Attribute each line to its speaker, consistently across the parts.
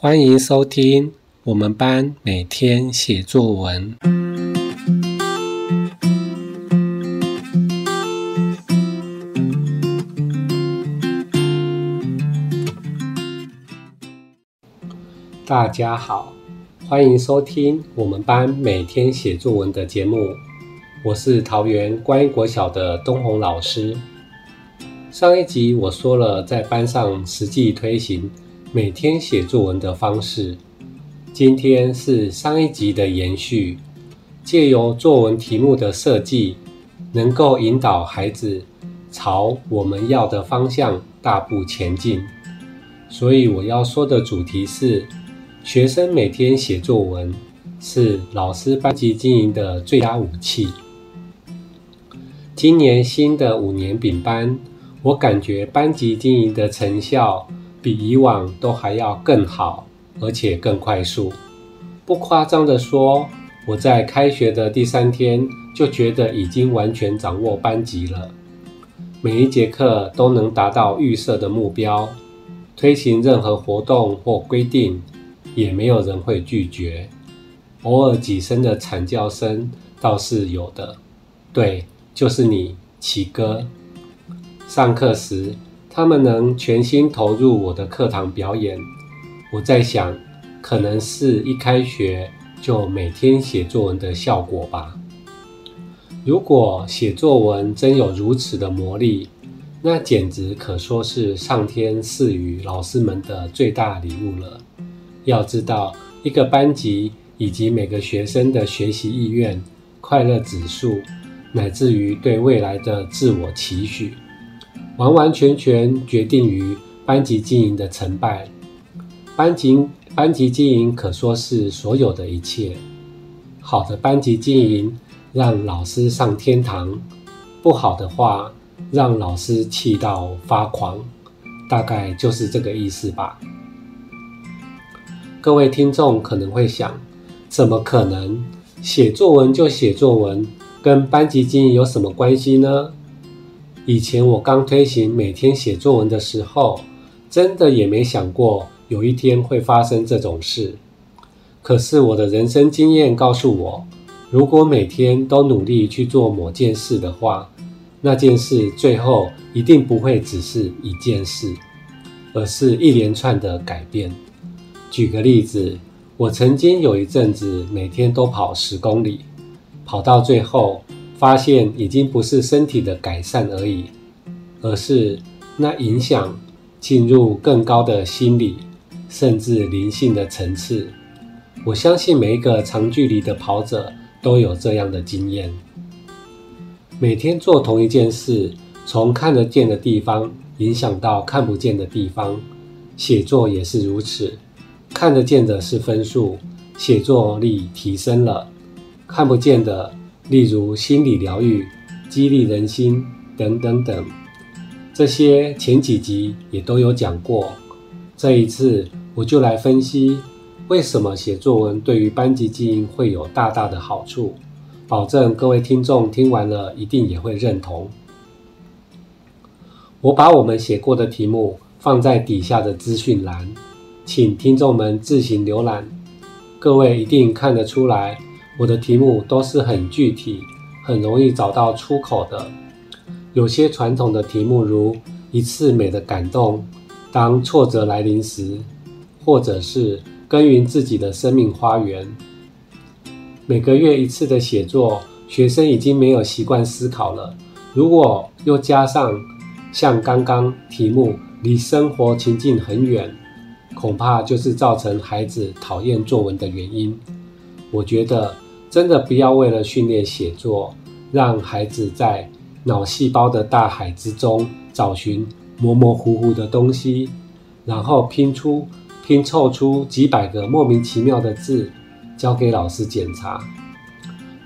Speaker 1: 歡迎收聽我們班每天寫作文。大家好，歡迎收聽我們班每天寫作文的節目。我是桃園觀音國小的東宏老師。上一集我說了，在班上實際推行。每天寫作文的方式，今天是上一集的延續。借由作文題目的設計，能夠引導孩子朝我們要的方向大步前進。所以我要說的主題是：學生每天寫作文，是老師班級經營的最佳武器。今年新的五年丙班，我感覺班級經營的成效。比以往都還要更好，而且更快速。不誇張地說，我在開學的第三天就覺得已經完全掌握班級了。每一節課都能達到預設的目標，推行任何活動或規定，也沒有人會拒絕。偶爾幾聲的慘叫聲倒是有的。對，就是你，奇哥。上課時，他們能全心投入我的課堂表演，我在想，可能是一開學就每天寫作文的效果吧。如果寫作文真有如此的魔力，那簡直可說是上天賜予老師們的最大禮物了。要知道，一個班級以及每個學生的學習意願、快樂指數，乃至於對未來的自我期許。完完全全決定於班級經營的成敗，班級班級經營可說是所有的一切。好的班級經營讓老師上天堂，不好的話讓老師氣到發狂，大概就是這個意思吧。各位聽眾可能會想，怎麼可能寫作文就寫作文，跟班級經營有什麼關係呢？以前我剛推行每天寫作文的時候，真的也沒想過有一天會發生這種事。可是我的人生經驗告訴我，如果每天都努力去做某件事的話，那件事最後一定不會只是一件事，而是一連串的改變。舉個例子，我曾經有一陣子每天都跑十公里，跑到最後，發現已經不是身體的改善而已，而是那影響進入更高的心理，甚至靈性的層次。我相信每一個長距離的跑者都有這樣的經驗。每天做同一件事，從看得見的地方影響到看不見的地方，寫作也是如此，看得見的是分數，寫作力提升了，看不見的。例如心理療癒、激勵人心等等等，這些前幾集也都有講過。這一次我就來分析為什麼寫作文對於班級經營會有大大的好處，保證各位聽眾聽完了一定也會認同。我把我們寫過的題目放在底下的資訊欄，請聽眾們自行瀏覽，各位一定看得出來。我的題目都是很具體，很容易找到出口的。有些傳統的題目，如一次美的感動、當挫折來臨時，或者是耕耘自己的生命花園。每個月一次的寫作，學生已經沒有習慣思考了。如果又加上像剛剛題目離生活情境很遠，恐怕就是造成孩子討厭作文的原因，我覺得。真的不要為了訓練寫作，讓孩子在腦細胞的大海之中找尋模模糊糊的東西，然後拼出、拼湊出幾百個莫名其妙的字，交給老師檢查。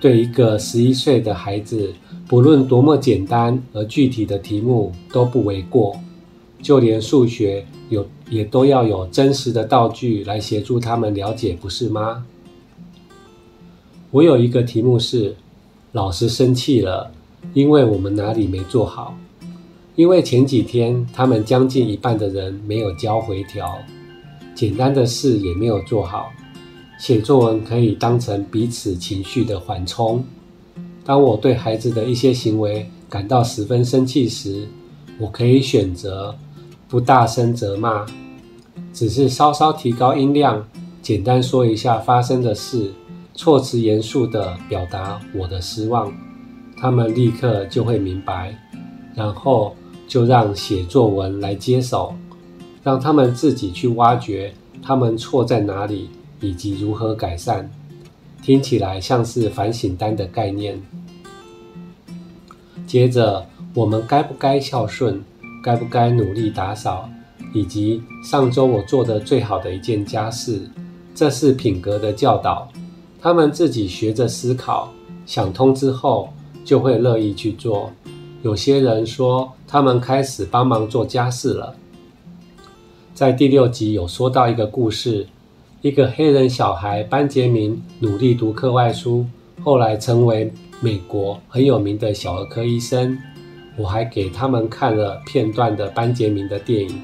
Speaker 1: 對一個十一歲的孩子，不論多麼簡單而具體的題目都不為過。就連數學有也都要有真實的道具來協助他們了解，不是嗎？我有一個題目是：老師生氣了，因為我們哪裡沒做好？因為前幾天他們將近一半的人沒有交回條，簡單的事也沒有做好。寫作文可以當成彼此情緒的緩衝。當我對孩子的一些行為感到十分生氣時，我可以選擇不大聲責罵，只是稍稍提高音量，簡單說一下發生的事。措辭嚴肅地表達我的失望，他們立刻就會明白，然後就讓寫作文來接手，讓他們自己去挖掘他們錯在哪裡以及如何改善。聽起來像是反省單的概念。接着，我們該不該孝順，該不該努力打掃，以及上周我做得最好的一件家事，這是品格的教導。他們自己學着思考，想通之後就會樂意去做。有些人說，他們開始幫忙做家事了。在第六集有說到一個故事，一個黑人小孩班傑明努力讀課外書，後來成為美國很有名的小兒科醫生。我還給他們看了片段的班傑明的電影，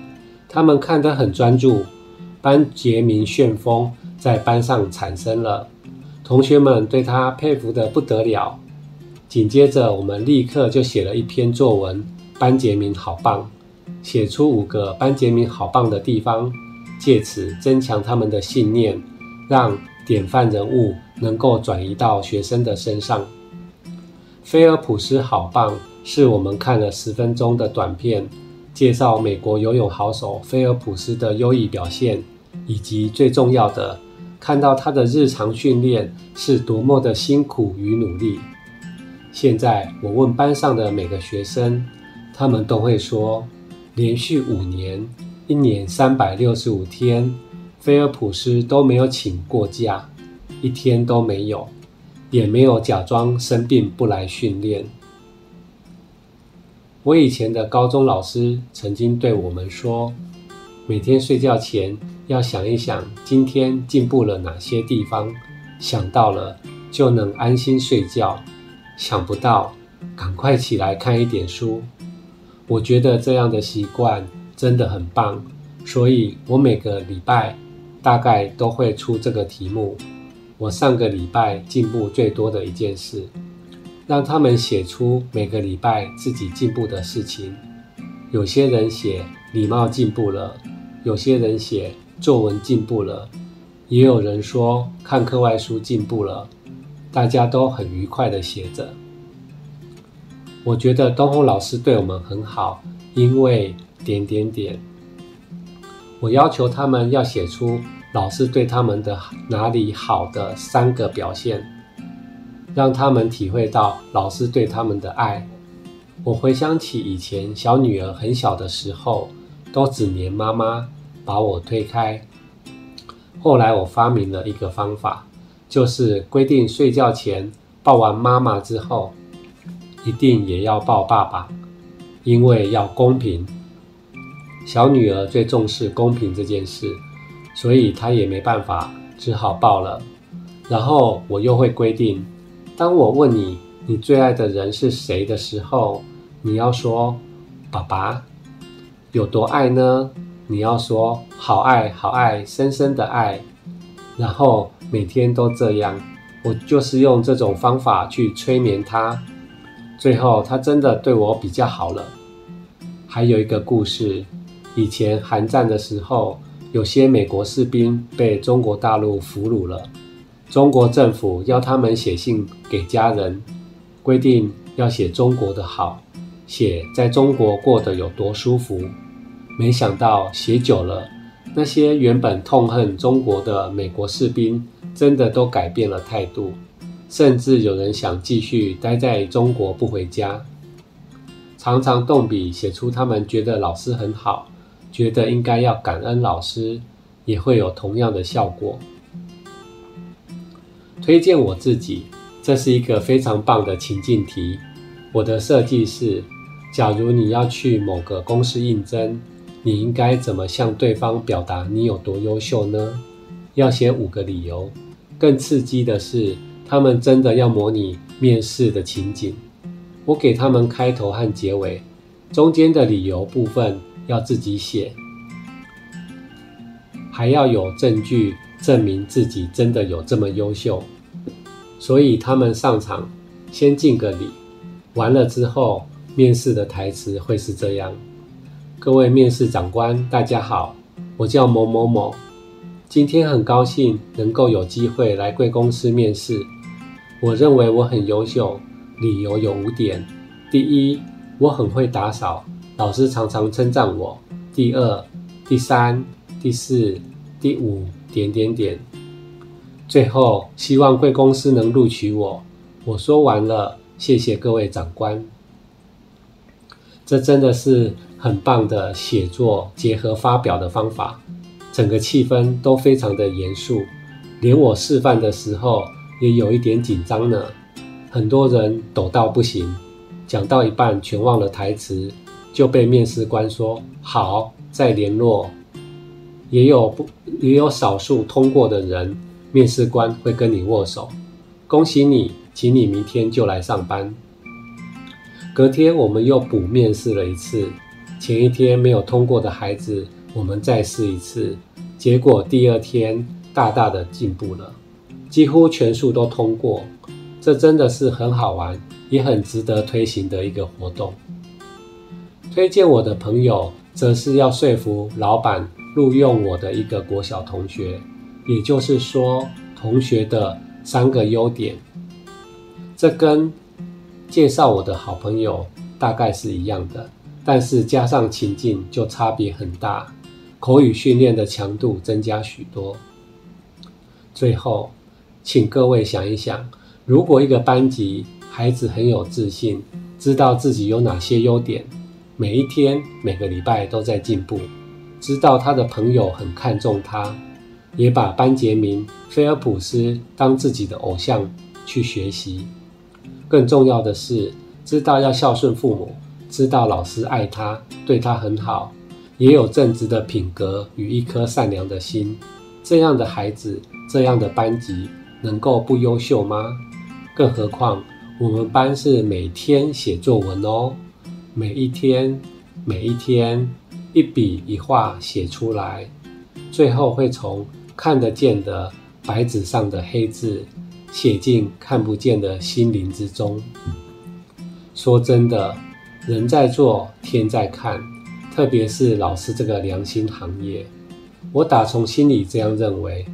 Speaker 1: 他們看得很專注。班傑明旋風在班上產生了。同學們對他佩服得不得了。緊接着，我們立刻就寫了一篇作文：“班傑明好棒”，寫出五個班傑明好棒的地方，借此增強他們的信念，讓典範人物能夠轉移到學生的身上。菲爾普斯好棒，是我們看了十分鐘的短片，介紹美國游泳好手菲爾普斯的優異表現，以及最重要的。看到他的日常訓練是多麼的辛苦與努力。現在我問班上的每個學生，他們都會說，連續五年，一年三百六十五天，菲爾普斯都沒有請過假，一天都沒有，也沒有假裝生病不來訓練。我以前的高中老師曾經對我們說，每天睡覺前。要想一想今天進步了哪些地方，想到了就能安心睡覺，想不到趕快起來看一點書。我覺得這樣的習慣真的很棒，所以我每個禮拜大概都會出這個題目。我上個禮拜進步最多的一件事，讓他們寫出每個禮拜自己進步的事情。有些人寫禮貌進步了，有些人寫……作文進步了，也有人說看課外書進步了，大家都很愉快的寫着。我覺得東宏老師對我們很好，因為點點點，我要求他們要寫出老師對他們的哪裡好的三個表現，讓他們體會到老師對他們的愛。我回想起以前小女兒很小的時候，都只黏媽媽。把我推開。後來我發明了一個方法，就是規定睡覺前抱完媽媽之後，一定也要抱爸爸，因為要公平。小女兒最重視公平這件事，所以她也沒辦法，只好抱了。然後我又會規定，當我問你，你最愛的人是誰的時候，你要說爸爸。有多愛呢？你要說好愛好愛，深深的愛，然後每天都這樣，我就是用這種方法去催眠他，最後他真的對我比較好了。還有一個故事，以前韓戰的時候，有些美國士兵被中國大陸俘虜了，中國政府要他們寫信給家人，規定要寫中國的好，寫在中國過得有多舒服。沒想到寫久了，那些原本痛恨中國的美國士兵真的都改變了態度，甚至有人想繼續待在中國不回家。常常動筆寫出他們覺得老師很好，覺得應該要感恩老師，也會有同樣的效果。推薦我自己，這是一個非常棒的情境題。我的設計是：假如你要去某個公司應徵。你應該怎麼向對方表達你有多優秀呢？要寫五個理由。更刺激的是，他們真的要模擬面試的情景。我給他們開頭和結尾，中間的理由部分要自己寫，還要有證據證明自己真的有這麼優秀。所以他們上場，先敬個禮，完了之後，面試的台詞會是這樣。各位面試長官，大家好，我叫某某某，今天很高興能夠有機會來貴公司面試。我認為我很優秀，理由有五點：第一，我很會打掃，老師常常稱讚我；第二，第三，第四，第五，點點點。最後，希望貴公司能錄取我。我說完了，謝謝各位長官。這真的是很棒的寫作結合發表的方法，整個氣氛都非常的嚴肅，連我示範的時候也有一點緊張呢。很多人抖到不行，講到一半全忘了台詞，就被面試官說好再聯絡。也有不也有少數通過的人，面試官會跟你握手，恭喜你，請你明天就來上班。隔天我們又補面試了一次，前一天沒有通過的孩子，我們再試一次，結果第二天大大的進步了，幾乎全數都通過。這真的是很好玩，也很值得推行的一個活動。推薦我的朋友，則是要說服老闆錄用我的一個國小同學，也就是說同學的三個優點，這跟介紹我的好朋友大概是一樣的，但是加上情境就差別很大。口語訓練的強度增加許多。最後，請各位想一想，如果一個班級孩子，很有自信，知道自己有哪些優點，每一天、每個禮拜都在進步，知道他的朋友很看重他，也把班傑明、菲爾普斯當自己的偶像去學習。更重要的是，知道要孝順父母，知道老師愛他，對他很好，也有正直的品格與一顆善良的心，這樣的孩子，這樣的班級，能夠不優秀嗎？更何況我們班是每天寫作文哦，每一天，每一天，一筆一畫寫出來，最後會從看得見的白紙上的黑字。寫進看不見的心靈之中。說真的，人在做，天在看，特別是老師這個良心行業，我打從心裡這樣認為，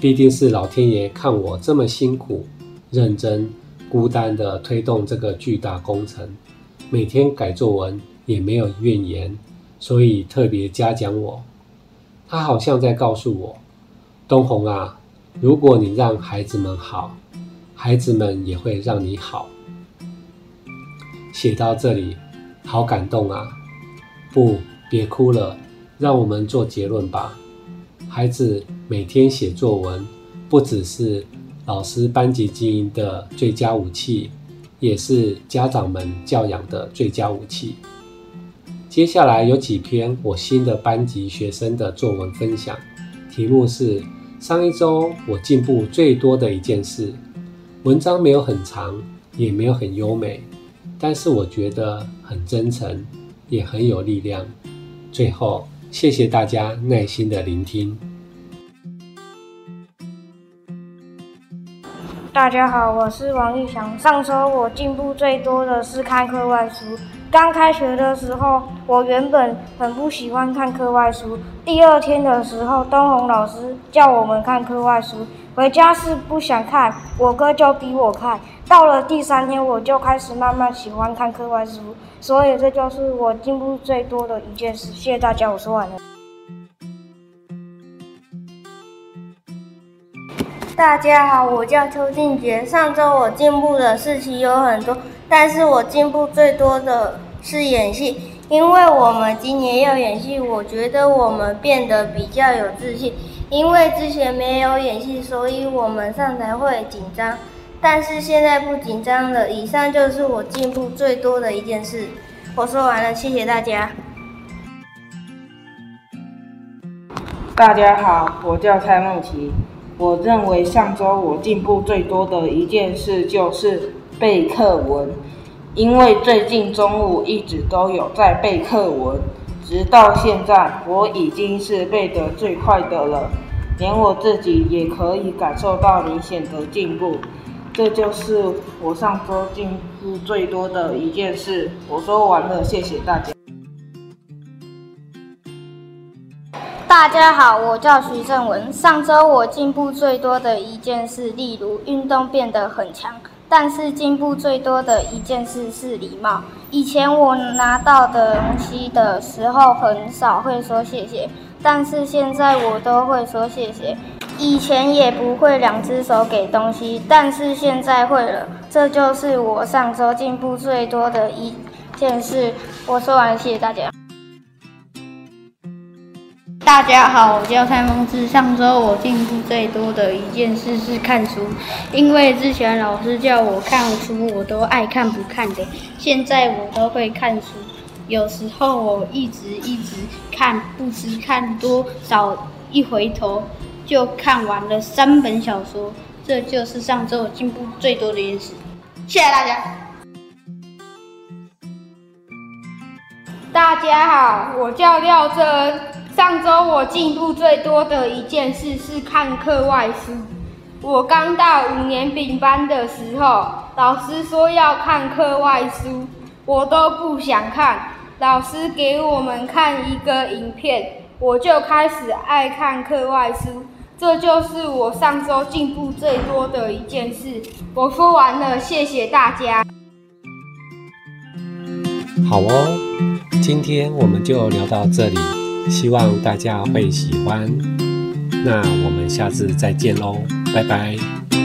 Speaker 1: 必定是老天爺看我這麼辛苦、認真、孤單地推動這個巨大工程，每天改作文也沒有怨言，所以特別嘉獎我。他好像在告訴我，東宏啊。如果你讓孩子們好，孩子們也會讓你好。寫到這裡，好感動啊！不，別哭了，讓我們做結論吧。孩子每天寫作文，不只是老師班級經營的最佳武器，也是家長們教養的最佳武器。接下來有幾篇我新的班級學生的作文分享，題目是。上一週我進步最多的一件事，文章沒有很長，也沒有很優美，但是我覺得很真誠，也很有力量。最後，謝謝大家耐心的聆聽。大家好，我是王玉祥。上週我進步最多的是看課外書。剛開學的時候，我原本很不喜歡看課外書。第二天的時候，東宏老師叫我們看課外書，回家是不想看，我哥就逼我看。到了第三天，我就開始慢慢喜歡看課外書，所以這就是我進步最多的一件事。謝謝大家，我說完了。大家好，我叫邱俊杰。上周我進步的事情有很多。但是我進步最多的是演戲，因為我們今年要演戲，我覺得我們變得比較有自信。因為之前沒有演戲，所以我們上台會緊張，但是現在不緊張了。以上就是我進步最多的一件事。我說完了，謝謝大家。大家好，我叫蔡夢琪。我認為上周我進步最多的一件事就是。背課文，因為最近中午一直都有在背課文，直到現在我已經是背得最快的了，連我自己也可以感受到明顯的進步。這就是我上周進步最多的一件事。我說完了，謝謝大家。大家好，我叫徐正文。上周我進步最多的一件事，例如運動變得很強。但是進步最多的一件事是禮貌。以前我拿到的東西的時候很少會說謝謝，但是現在我都會說謝謝。以前也不會兩隻手給東西，但是現在會了。這就是我上周進步最多的一件事。我說完，謝謝大家。大家好，我叫蔡夢志。上周我進步最多的一件事是看書，因為之前老師叫我看書，我都愛看不看的，現在我都會看書。有時候我一直一直看，不知看多少，一回頭就看完了三本小說。這就是上周我進步最多的原因。謝謝大家。大家好，我叫廖真。上週我進步最多的一件事是看課外書。我剛到五年丙班的時候，老師說要看課外書，我都不想看。老師給我們看一個影片，我就開始愛看課外書。這就是我上週進步最多的一件事。我說完了，謝謝大家。好哦，今天我們就聊到這裡。希望大家會喜歡，那我們下次再見嘍，拜拜。